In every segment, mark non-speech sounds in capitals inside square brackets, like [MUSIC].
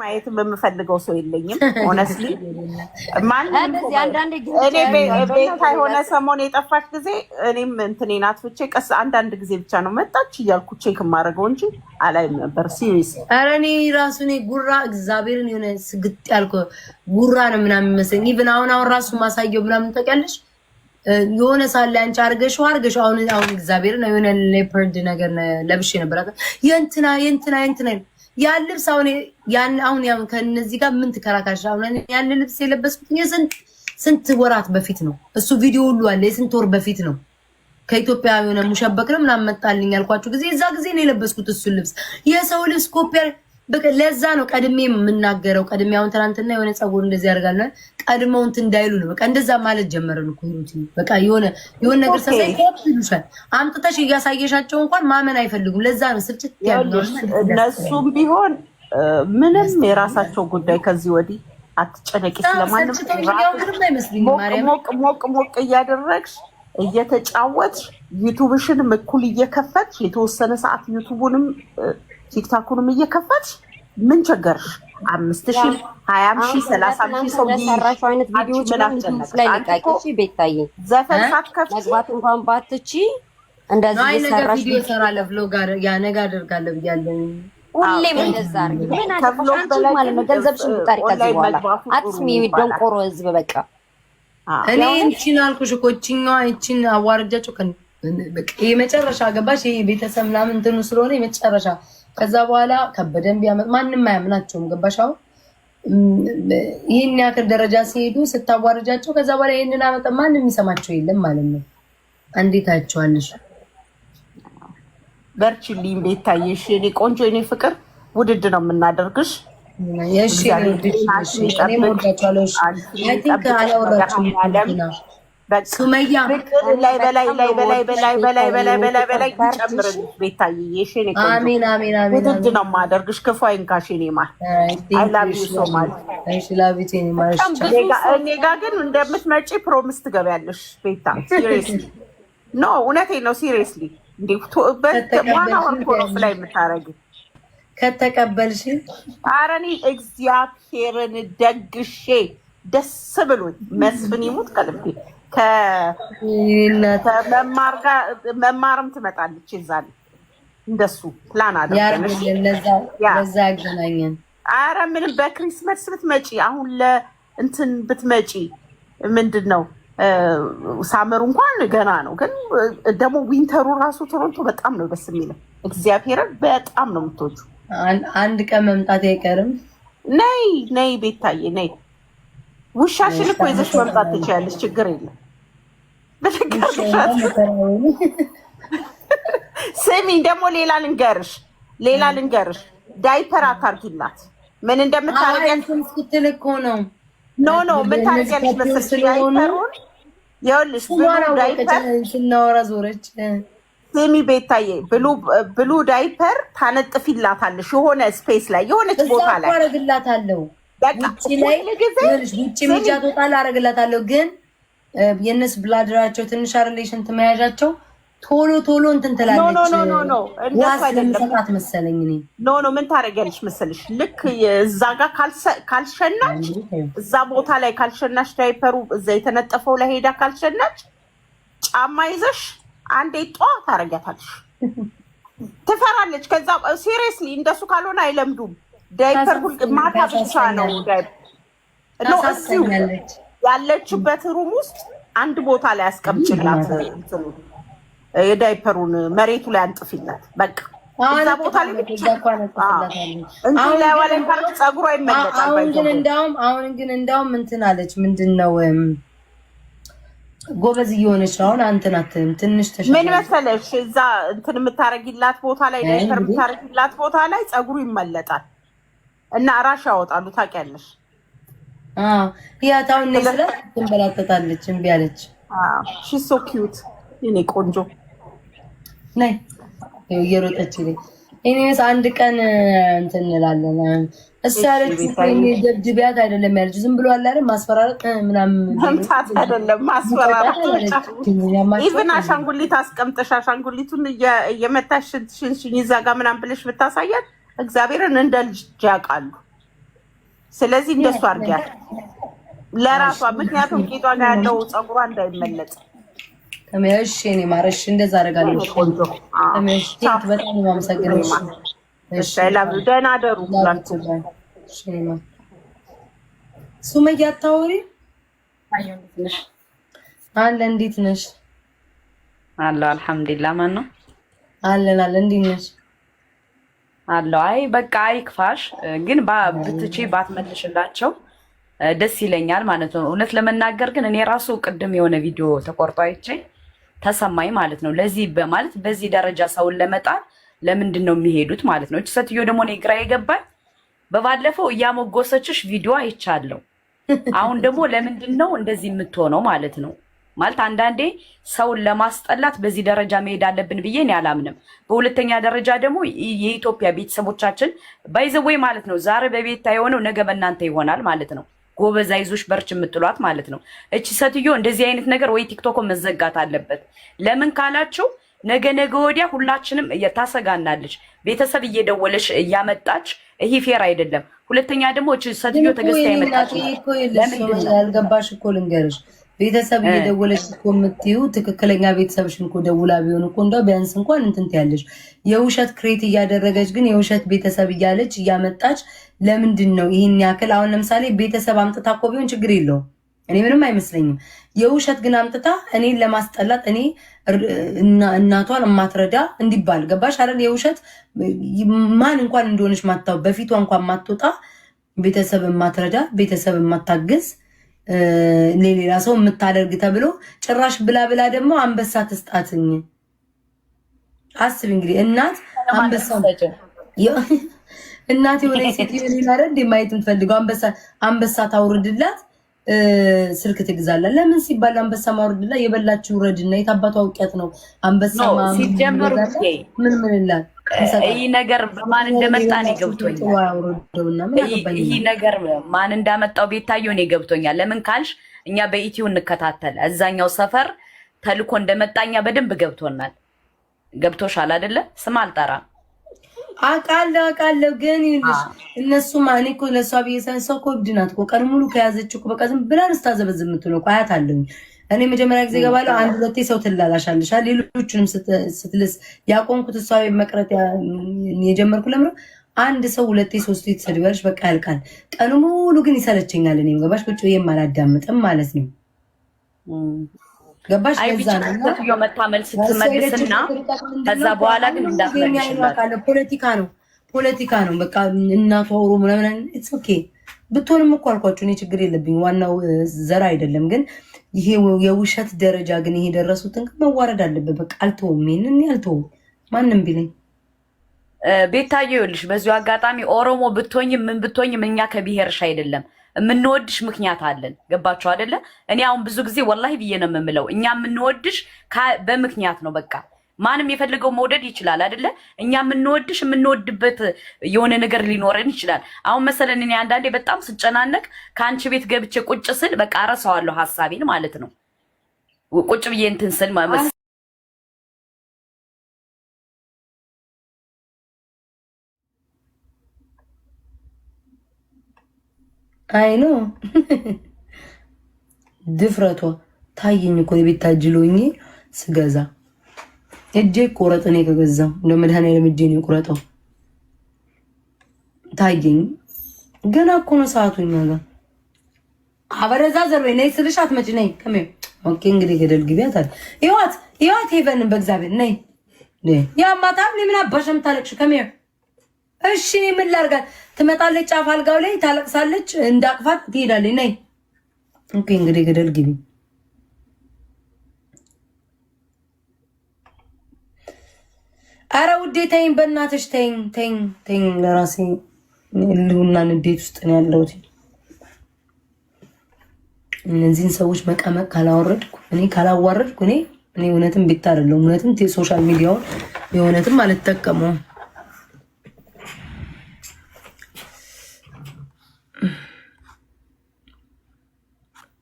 ማየት የምፈልገው ሰው የለኝም። ሆነስሊ ማንቤታ የሆነ ሰሞን የጠፋች ጊዜ እኔም እንትኔን አትፍቼ ቀስ አንዳንድ ጊዜ ብቻ ነው መጣች እያልኩ ቼክ የማደርገው እንጂ አላይም ነበር። ሲሪስ ኧረ እኔ ራሱ እኔ ጉራ እግዚአብሔርን የሆነ ስግጥ ያልኩ ጉራ ነው ምናምን መሰለኝ። ኢቭን አሁን አሁን ራሱ ማሳየው ምናምን ታውቂያለሽ የሆነ ሳለ አንቺ አርገሽው አርገሽው አሁን አሁን እግዚአብሔር ነው የሆነ ሌፐርድ ነገር ለብሼ ነበራት የእንትና የእንትና የእንትና ያን ልብስ አሁን ያን አሁን ያው ከነዚህ ጋር ምን ትከራከራሽ? አሁን ያን ልብስ የለበስኩት ስንት ስንት ወራት በፊት ነው። እሱ ቪዲዮ ሁሉ አለ። የስንት ወር በፊት ነው። ከኢትዮጵያ የሆነ ሙሸበክ ነው ምናምን መጣልኝ ያልኳችሁ ጊዜ እዛ ጊዜ ነው የለበስኩት እሱን ልብስ የሰው ልብስ ኮፒያ ለዛ ነው ቀድሜ የምናገረው። ቀድሜ አሁን ትናንትና የሆነ ፀጉር እንደዚህ ያደርጋል ቀድመው እንትን እንዳይሉ ነው። በቃ እንደዛ ማለት ጀመረን እኮ ሩቲ። በቃ የሆነ የሆነ ነገር ሳሳይ ይሉሻል። አምጥተሽ እያሳየሻቸው እንኳን ማመን አይፈልጉም። ለዛ ነው ስርጭት ያለው። እነሱም ቢሆን ምንም የራሳቸው ጉዳይ ከዚህ ወዲህ አትጨነቂ ስለማንም ሞቅ ሞቅ ሞቅ እያደረግሽ እየተጫወትሽ ዩቱብሽንም እኩል እየከፈትሽ የተወሰነ ሰዓት ዩቱቡንም ቲክታኩንም እየከፋች ምን ቸገርሽ? አምስት ሺ ሀያም ሺ ሰላሳም ሺ ሰው ሰራሽ አይነት ቪዲዮች ላይ ልቃቂ ቤታዬ ዘፈን ሳትከፍቺ መግባት እንኳን ባትቺ እንደዚህ ሰራሽ ሰራለ ብሎግ ያ ነገ አደርጋለሁ ብያለሁ። ሁሌም እንደዛ አርጊ። ምን አለፈሽ ማለት ነው። ገንዘብሽን ብታሪ ከዚህ በኋላ አትስሚ ደንቆሮ ህዝብ በቃ እኔ እንቺን አልኩሽ እኮ እቺኛዋ እቺን አዋርጃቸው ከ የመጨረሻ ገባሽ። ይሄ ቤተሰብ ምናምን እንትኑ ስለሆነ የመጨረሻ ከዛ በኋላ ከበደን ቢያመጥ ማንም አያምናቸውም። ገባሽ? አሁን ይህን ያክል ደረጃ ሲሄዱ ስታዋርጃቸው፣ ከዛ በኋላ ይህንን አመጠ ማን የሚሰማቸው የለም ማለት ነው። እንዴት አያቸዋለሽ? በርችልኝ ቤታየሽ፣ የኔ ቆንጆ፣ የኔ ፍቅር፣ ውድድ ነው የምናደርግሽ። ሽ እኔም ወዳቸዋለሁ። አላወራችሁም ሱመያ ላይ በላይ ላይ በላይ በላይ በላይ በላይ በላይ በላይ ይጨምርልሽ። ቤታዬ የሽኔ ውድድ ነው የማደርግሽ። ክፉ አይንካሽ። እኔ ማል እኔ ጋ ግን እንደምትመጪ ፕሮሚስ ትገቢያለሽ። ቤታ ሲሪየስሊ [LAUGHS] ኖ እውነቴን ነው። ሲሪየስሊ ዋና ወርኮሮፍ ላይ የምታረጊው ከተቀበልሽ ኧረ እግዚአብሔርን ደግሼ ደስ ብሎኝ መስፍን ይሙት ከልቤ መማርም ትመጣለች። ዛል እንደሱ ፕላን አለዛ ያገናኘን። አረ ምንም በክሪስመስ ብትመጪ አሁን ለእንትን ብትመጪ ምንድን ነው ሳመሩ እንኳን ገና ነው፣ ግን ደግሞ ዊንተሩ ራሱ ቶሮንቶ በጣም ነው ደስ የሚለው። እግዚአብሔርን በጣም ነው የምትወጁ። አንድ ቀን መምጣት አይቀርም። ነይ ነይ ቤታዬ ነይ ውሻሽን እኮ ይዘሽ መምጣት ትችያለሽ። ችግር የለም። ስሚ ደግሞ ሌላ ልንገርሽ፣ ሌላ ልንገርሽ። ዳይፐር አታርጊላት። ምን እንደምታረጊያለሽ እኮ ነው። ኖ ኖ ምን ታረጊያለሽ መሰለሽ? ዳይፐሩን ይኸውልሽ፣ ብሉ ዳይፐር ስናወራ ዞረች። ስሚ ቤታዬ፣ ብሉ ዳይፐር ታነጥፊላታለሽ የሆነ ስፔስ ላይ የሆነች ቦታ ላይ አረግላታለሁ ውጭ ግን የእነሱ ብላድራቸው ትንሽ ሪሌሽን ትመያዣቸው ቶሎ ቶሎ እንትን ትላለች። መሰለኝ። ኖ ኖ ምን ታደርጊያለሽ መሰለሽ፣ ልክ እዛ ጋር ካልሸናች፣ እዛ ቦታ ላይ ካልሸናች፣ ዳይፐሩ እዛ የተነጠፈው ላይ ሄዳ ካልሸናች፣ ጫማ ይዘሽ አንዴ ጧ ታደርጊያታለሽ። [LAUGHS] ትፈራለች። ከዛ ሲሪየስሊ እንደሱ ካልሆነ አይለምዱም። ዳይፐር ሁል ማታ ብቻ ነው እዚሁ ያለችበት ሩም ውስጥ አንድ ቦታ ላይ አስቀምጭላት፣ የዳይፐሩን መሬቱ ላይ አንጥፊላት። በቃ እዛ አሁን ግን እንዳውም አሁን ግን እንዳውም እንትን አለች። ምንድን ነው ጎበዝ እየሆነች ነው አሁን። አንትናትም ትንሽ ተሻ ምን መሰለሽ፣ እዛ እንትን የምታረጊላት ቦታ ላይ ዳይፐር የምታረጊላት ቦታ ላይ ፀጉሩ ይመለጣል። እና ራሽ ያወጣሉ ታውቂያለሽ። ያታውን ነስላ ትንበላተታለች። እምቢ አለች። ሺ ሶ ኪዩት የኔ ቆንጆ ነይ እየሮጠች ላይ እኔስ አንድ ቀን እንትን እንላለን። እሱ ያለች ደብድቢያት አይደለም ያለችው፣ ዝም ብሎ አለ አይደል ማስፈራራት ምናምን መምታት አይደለም ማስፈራራት። ኢቭን አሻንጉሊት አስቀምጠሽ አሻንጉሊቱን እየመታሽ ሽንሽኝ እዛ ጋር ምናምን ብለሽ ብታሳያት እግዚአብሔርን እንደ ልጅ ያውቃሉ። ስለዚህ እንደሱ አድርጊያት ለራሷ ምክንያቱም ጌጧ ጋር ያለው ፀጉሯ እንዳይመለጥ። እሺ እኔ ማረሽ እንደዛ አደርጋለሁ። በጣም የማመሰግነው ደህና አደሩ ሱመያ አታወሪ አለ። እንዴት ነሽ? አለ አልሐምዱሊላህ። ማን ነው? አለን አለ። እንዴት ነሽ? አለው። አይ በቃ አይክፋሽ፣ ግን ብትቼ ባትመልሽላቸው ደስ ይለኛል ማለት ነው። እውነት ለመናገር ግን እኔ ራሱ ቅድም የሆነ ቪዲዮ ተቆርጦ አይቼ ተሰማኝ ማለት ነው። ለዚህ በማለት በዚህ ደረጃ ሰውን ለመጣል ለምንድን ነው የሚሄዱት ማለት ነው። እች ሴትዮ ደግሞ እኔ ግራ የገባኝ በባለፈው እያሞጎሰችሽ ቪዲዮ አይቻለሁ። አሁን ደግሞ ለምንድን ነው እንደዚህ የምትሆነው ማለት ነው። ማለት አንዳንዴ ሰውን ለማስጠላት በዚህ ደረጃ መሄድ አለብን ብዬ እኔ አላምንም። በሁለተኛ ደረጃ ደግሞ የኢትዮጵያ ቤተሰቦቻችን ባይዘወይ ማለት ነው ዛሬ በቤታ የሆነው ነገ በእናንተ ይሆናል ማለት ነው። ጎበዝ አይዞሽ በርች የምትሏት ማለት ነው። እቺ ሴትዮ እንደዚህ አይነት ነገር ወይ ቲክቶኮ መዘጋት አለበት። ለምን ካላችሁ ነገ ነገ ወዲያ ሁላችንም ታሰጋናለች። ቤተሰብ እየደወለች እያመጣች ይሄ ፌር አይደለም። ሁለተኛ ደግሞ እቺ ሴትዮ ተገዝታ የመጣች ያልገባሽ እኮ ልንገርሽ ቤተሰብ እየደወለች እኮ የምትዩ ትክክለኛ ቤተሰብ እኮ ደውላ ቢሆን እኮ እንደው ቢያንስ እንኳን እንትንት ያለች የውሸት ክሬት እያደረገች ግን የውሸት ቤተሰብ እያለች እያመጣች ለምንድን ነው ይህን ያክል? አሁን ለምሳሌ ቤተሰብ አምጥታ እኮ ቢሆን ችግር የለው እኔ ምንም አይመስለኝም። የውሸት ግን አምጥታ እኔን ለማስጠላት እኔ እናቷን የማትረዳ እንዲባል ገባሽ አይደል? የውሸት ማን እንኳን እንደሆነች ማታው በፊቷ እንኳን ማትወጣ ቤተሰብ የማትረዳ ቤተሰብ የማታግዝ ለሌላ ሰው የምታደርግ ተብሎ ጭራሽ ብላ ብላ ደግሞ አንበሳ ትስጣትኝ። አስብ እንግዲህ እናት አንበሳ እናት የሆነ ሴት ሆነ ማየት የምትፈልገው አንበሳ አንበሳ ታውርድላት ስልክ ትግዛላት። ለምን ሲባል አንበሳ ማውርድላት የበላችው ረድና የታባቷ አውቂያት ነው አንበሳ ምን ምንላት ይህ ነገር በማን እንደመጣ እኔ ገብቶኛል። ይህ ነገር ማን እንዳመጣው ቤታየው እኔ ገብቶኛል። ለምን ካልሽ እኛ በኢትዮ እንከታተል እዛኛው ሰፈር ተልኮ እንደመጣ እኛ በደንብ ገብቶናል። ገብቶሻል አይደለ? ስም አልጠራም። አውቃለሁ አውቃለሁ፣ ግን ይልሽ እነሱ ማን እኮ ለእሷ ብዬ ሳይሆን ሰው እኮ እብድ ናት እኮ ቀን ሙሉ ከያዘች እኮ በቃ ዝም ብላ ስታዘበዝ የምትውለው እኮ አያት አለኝ እኔ መጀመሪያ ጊዜ ገባለሁ። አንድ ሁለቴ ሰው ትላላሻለሻ። ሌሎቹንም ስትልስ ያቆንኩት እሷ መቅረት የጀመርኩ ለምረ አንድ ሰው ሁለቴ ሶስቱ ትሰድበልሽ፣ በቃ ያልቃል። ቀኑ ሙሉ ግን ይሰለቸኛል። እኔም ገባሽ ቁጭ ብዬም አላዳምጥም ማለት ነው። ገባሽ ዛናዮ መታመል ስትመልስና ከዛ በኋላ ግን እንዳትመልሽ ፖለቲካ ነው ፖለቲካ ነው በቃ እናቷ ኦሮሞ ምናምን ኦኬ ብትሆንም እኮ አልኳችሁ እኔ ችግር የለብኝ። ዋናው ዘር አይደለም፣ ግን ይሄ የውሸት ደረጃ ግን ይሄ ደረሱትን መዋረድ አለበት። በቃ አልተውም፣ ይሄንን እኔ ማንም ቢለኝ። ቤታዬ ይኸውልሽ፣ በዚሁ አጋጣሚ ኦሮሞ ብትሆኝም ምን ብትሆኝም እኛ ከብሔርሽ አይደለም የምንወድሽ ምክንያት አለን። ገባቸው አደለ እኔ አሁን ብዙ ጊዜ ወላሂ ብዬ ነው የምምለው እኛ የምንወድሽ በምክንያት ነው በቃ ማንም የፈለገው መውደድ ይችላል አይደለ? እኛ የምንወድሽ የምንወድበት የሆነ ነገር ሊኖረን ይችላል። አሁን መሰለን እኔ አንዳንዴ በጣም ስጨናነቅ ከአንቺ ቤት ገብቼ ቁጭ ስል በቃ ረሳዋለሁ ሀሳቤን ማለት ነው። ቁጭ ብዬ እንትን ስል አይ ነው ድፍረቷ ታየኝ እኮ የቤት ታጅሎኝ ስገዛ እጄ ይቆረጥ ነው ከገዛው እንደ መድኃኒዓለም ነው ይቁረጠው። ታየኝ ገና እኮ ነው ሰዓቱ። እኛ ጋር አበረዛ ዘርበኝ ነይ ስልሽ አትመጪ ነይ ከሜ ኦኬ። እንግዲህ ገደል ግቢያታል። ይዋት ይዋት ህይወት ሄቨንን በእግዚአብሔር ነይ ያማታም ለምን አባሽም ታለቅሽ? ከሜ እሺ ምን ላርጋት? ትመጣለች፣ ጫፍ አልጋው ላይ ታለቅሳለች፣ እንዳቅፋት ትሄዳለች። ነይ ኦኬ እንግዲህ ገደል ግቢያ አረ ውዴ ተይኝ፣ በእናትሽ ተይኝ፣ ተይኝ፣ ተይኝ። ለራሴ ልሁና ንዴት ውስጥ ነው ያለሁት። እነዚህን ሰዎች መቀመቅ ካላወረድኩ እኔ ካላዋረድኩ እኔ እኔ እውነትም ቤት አይደለሁም። እውነትም ሶሻል ሚዲያውን የእውነትም አልጠቀመውም።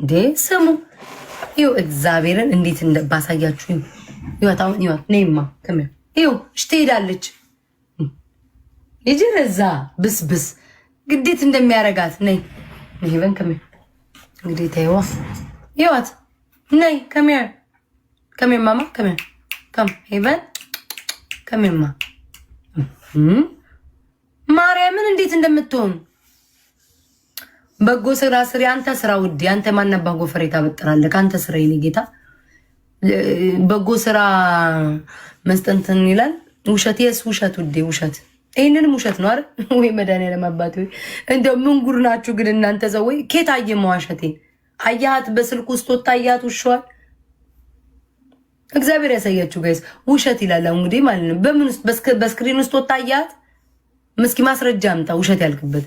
እንዴ ስሙ ይኸው እግዚአብሔርን እንዴት ባሳያችሁ ይወታውን ይወት ነይማ ከሚያ ይው እሽ ትሄዳለች። ልጅ እዛ ብስብስ ግዴት እንደሚያረጋት ነይ ይበን ከሚ እንግዲህ ተይዋ ይዋት ነይ ከሚር ከሚር ማማ ከሚር ከም ሄቨን ከሚርማ ማርያምን እንዴት እንደምትሆን በጎ ስራ ስሪ። አንተ ስራ ውድ አንተ ማናባ ጎፈሬ ታበጥራለህ። ከአንተ ስራ የኔ ጌታ በጎ ስራ መስጠንትን ይላል። ውሸት የስ ውሸት ውዴ ውሸት ይህንንም ውሸት ነው አይደል [LAUGHS] ወይ? መድኃኒዓለም አባቴ ወይ እንደው ምን ጉድ ናችሁ ግን እናንተ ሰው ወይ ኬት አየ መዋሸቴን አያሃት በስልክ ውስጥ ወጣ አያሃት ውሸዋል። እግዚአብሔር ያሳያችሁ ጋይስ ውሸት ይላል። እንግዲህ ማለት ነው በምን ውስጥ በስክሪን ውስጥ ወጣ አያሃት። ምስኪ ማስረጃ አምጣ ውሸት ያልክበት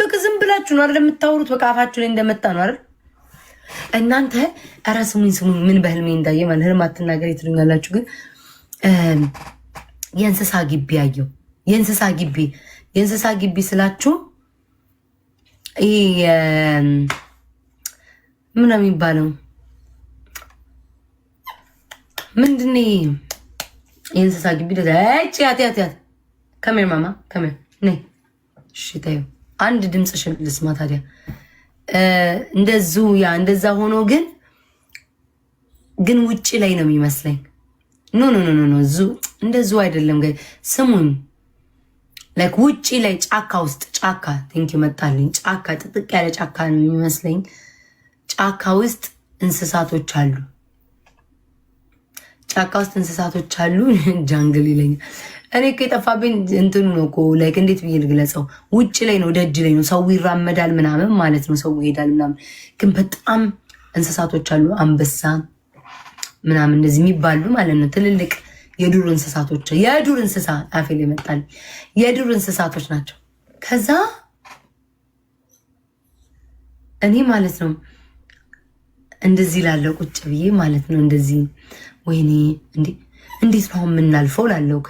በቃ ዝም ብላችሁ ነው አይደል የምታወሩት? በቃ አፋችሁ ላይ እንደመጣ ነው አይደል እናንተ ኧረ ስሙኝ ስሙኝ፣ ምን በህልሜ እንዳየ ማለት ህልም አትናገሪ ትሉኛላችሁ፣ ግን የእንስሳ ግቢ አየሁ። የእንስሳ ግቢ የእንስሳ ግቢ ስላችሁ ይሄ ምን ነው የሚባለው? ምንድን የእንስሳ ግቢ? ደች ያት ያት ያት ከሜር ማማ ከሜር ነይ። እሺ አንድ ድምፅ ልስማ ታዲያ እንደዙ ያ እንደዛ ሆኖ ግን ግን ውጭ ላይ ነው የሚመስለኝ። ኖ ኖ ኖ ኖ ኖ ዙ እንደዙ አይደለም። ግን ስሙኝ ላይክ ውጭ ላይ ጫካ ውስጥ ጫካ ቲንክ ይመጣልኝ ጫካ ጥጥቅ ያለ ጫካ ነው የሚመስለኝ። ጫካ ውስጥ እንስሳቶች አሉ። ጫካ ውስጥ እንስሳቶች አሉ። [LAUGHS] ጃንግል ይለኛል። እኔ እኮ የጠፋብኝ እንትኑ ነው እኮ ላይክ እንዴት ብዬ ልግለጸው? ውጭ ላይ ነው ደጅ ላይ ነው ሰው ይራመዳል ምናምን ማለት ነው ሰው ይሄዳል ምናምን። ግን በጣም እንስሳቶች አሉ አንበሳ ምናምን እንደዚህ የሚባሉ ማለት ነው ትልልቅ የዱር እንስሳቶች የዱር እንስሳ አፌል ይመጣል፣ የዱር እንስሳቶች ናቸው። ከዛ እኔ ማለት ነው እንደዚህ ላለ ቁጭ ብዬ ማለት ነው እንደዚህ ወይኔ እንዴ እንዴት ነው የምናልፈው? ላለው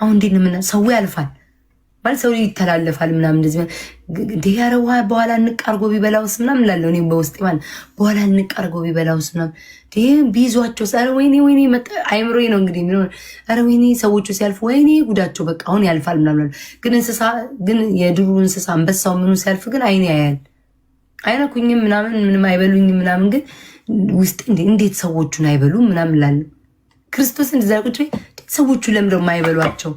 አሁን እንዴት ነው ሰው ያልፋል ባል ሰው ይተላለፋል ምናምን እንደዚህ እንዲህ ኧረ በኋላ እንቃርጎ ቢበላውስ ምናምን ላለው እኔ በውስጤ ማለት በኋላ እንቃርጎ ቢበላውስ ምናምን ይህ ቢይዟቸው ኧረ ወይኔ ወይኔ አይምሮ ነው እንግዲህ የሚለው ኧረ ወይኔ ሰዎቹ ሲያልፉ ወይኔ ጉዳቸው በቃ አሁን ያልፋል ምናምን ግን እንስሳ ግን የዱሩ እንስሳ አንበሳው ምኑ ሲያልፍ ግን አይኔ ያያል አይነኩኝም ምናምን ምንም አይበሉኝም ምናምን ግን ውስጥ እንዴት ሰዎቹን አይበሉም ምናምን ላለው ክርስቶስን እዛ ቁጭ ሰዎቹ ለምደው የማይበሏቸው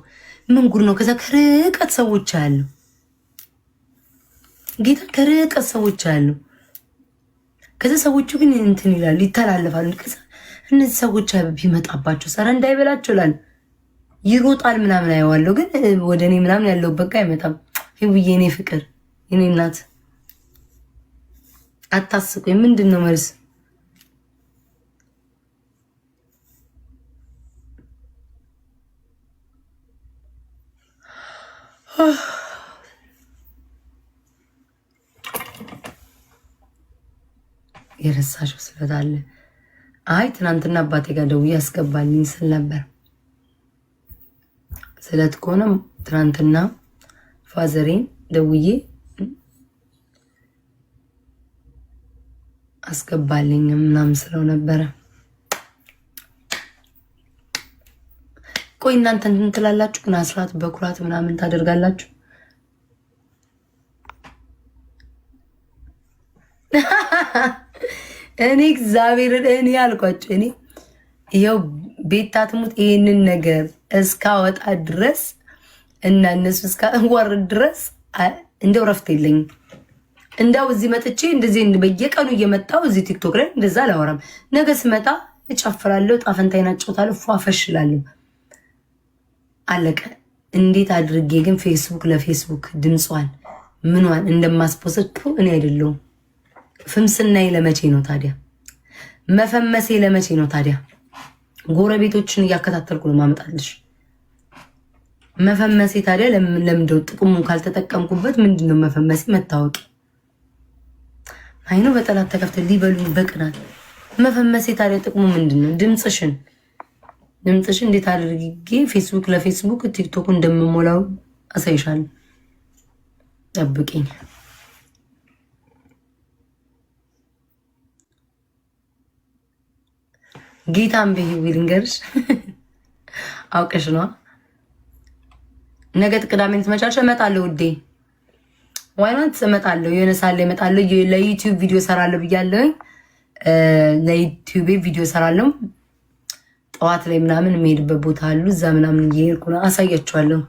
ምን ጉድ ነው? ከዛ ከርቀት ሰዎች አሉ፣ ጌታ ከርቀት ሰዎች አሉ። ከዛ ሰዎቹ ግን እንትን ይላሉ፣ ይተላለፋሉ። ከዛ እነዚህ ሰዎች ቢመጣባቸው ሰራ እንዳይበላቸው ላል ይሮጣል ምናምን አየዋለሁ፣ ግን ወደ እኔ ምናምን ያለው በቃ አይመጣም። ይውዬ እኔ ፍቅር እኔ እናት አታስቆኝ። ምንድን ነው መልስ? [SIGHS] የረሳሽው ስለት አለ? አይ ትናንትና አባቴ ጋር ደውዬ ያስገባልኝ ስል ነበር። ስለት ከሆነ ትናንትና ፋዘሬን ደውዬ አስገባልኝ ምናምን ስለው ነበረ። ቆይ እናንተ እንትን ትላላችሁ ግን አስራት በኩራት ምናምን ታደርጋላችሁ? [LAUGHS] እኔ እግዚአብሔርን እኔ አልኳቸው። እኔ ይኸው ቤታ ትሙት ይሄንን ነገር እስካወጣ ድረስ እና እነሱ እስካወርድ ድረስ እንደው ረፍት የለኝም። እንዳው እዚህ መጥቼ እንደዚህ በየቀኑ እየመጣው እዚህ ቲክቶክ ላይ እንደዛ አላወራም። ነገ ስመጣ እጨፍራለሁ፣ ጣፈንታይን አጫውታለሁ፣ ፏፈሽላለሁ። አለቀ። እንዴት አድርጌ ግን ፌስቡክ ለፌስቡክ ድምጿን ምኗን እንደማስፖሰቱ እኔ አይደለሁም። ፍምስናዬ ለመቼ ነው ታዲያ? መፈመሴ ለመቼ ነው ታዲያ? ጎረቤቶችን እያከታተልኩ ነው ማመጣልሽ። መፈመሴ ታዲያ ለምንድነው ጥቅሙን ካልተጠቀምኩበት? ምንድነው መፈመሴ? መታወቂ አይኑ በጠላት ተከፍተ ሊበሉኝ በቅናት መፈመሴ ታዲያ ጥቅሙ ምንድን ነው? ድምፅሽን ድምፅሽ እንዴት አድርጌ ፌስቡክ ለፌስቡክ ቲክቶክ እንደምሞላው አሳይሻል። ጠብቂኝ። ጌታን ብሂዊ ልንገርሽ፣ አውቀሽ ነዋ። ነገ ቅዳሜ ትመቻቸው እመጣለሁ ውዴ፣ ዋይናት እመጣለሁ። የሆነ ሳለ እመጣለሁ። ለዩቲዩብ ቪዲዮ ሰራለሁ ብያለሁኝ። ለዩቲዩቤ ቪዲዮ ሰራለሁ። ጠዋት ላይ ምናምን የሚሄድበት ቦታ አሉ። እዛ ምናምን እየሄድኩ ነው፣ አሳያችኋለሁ።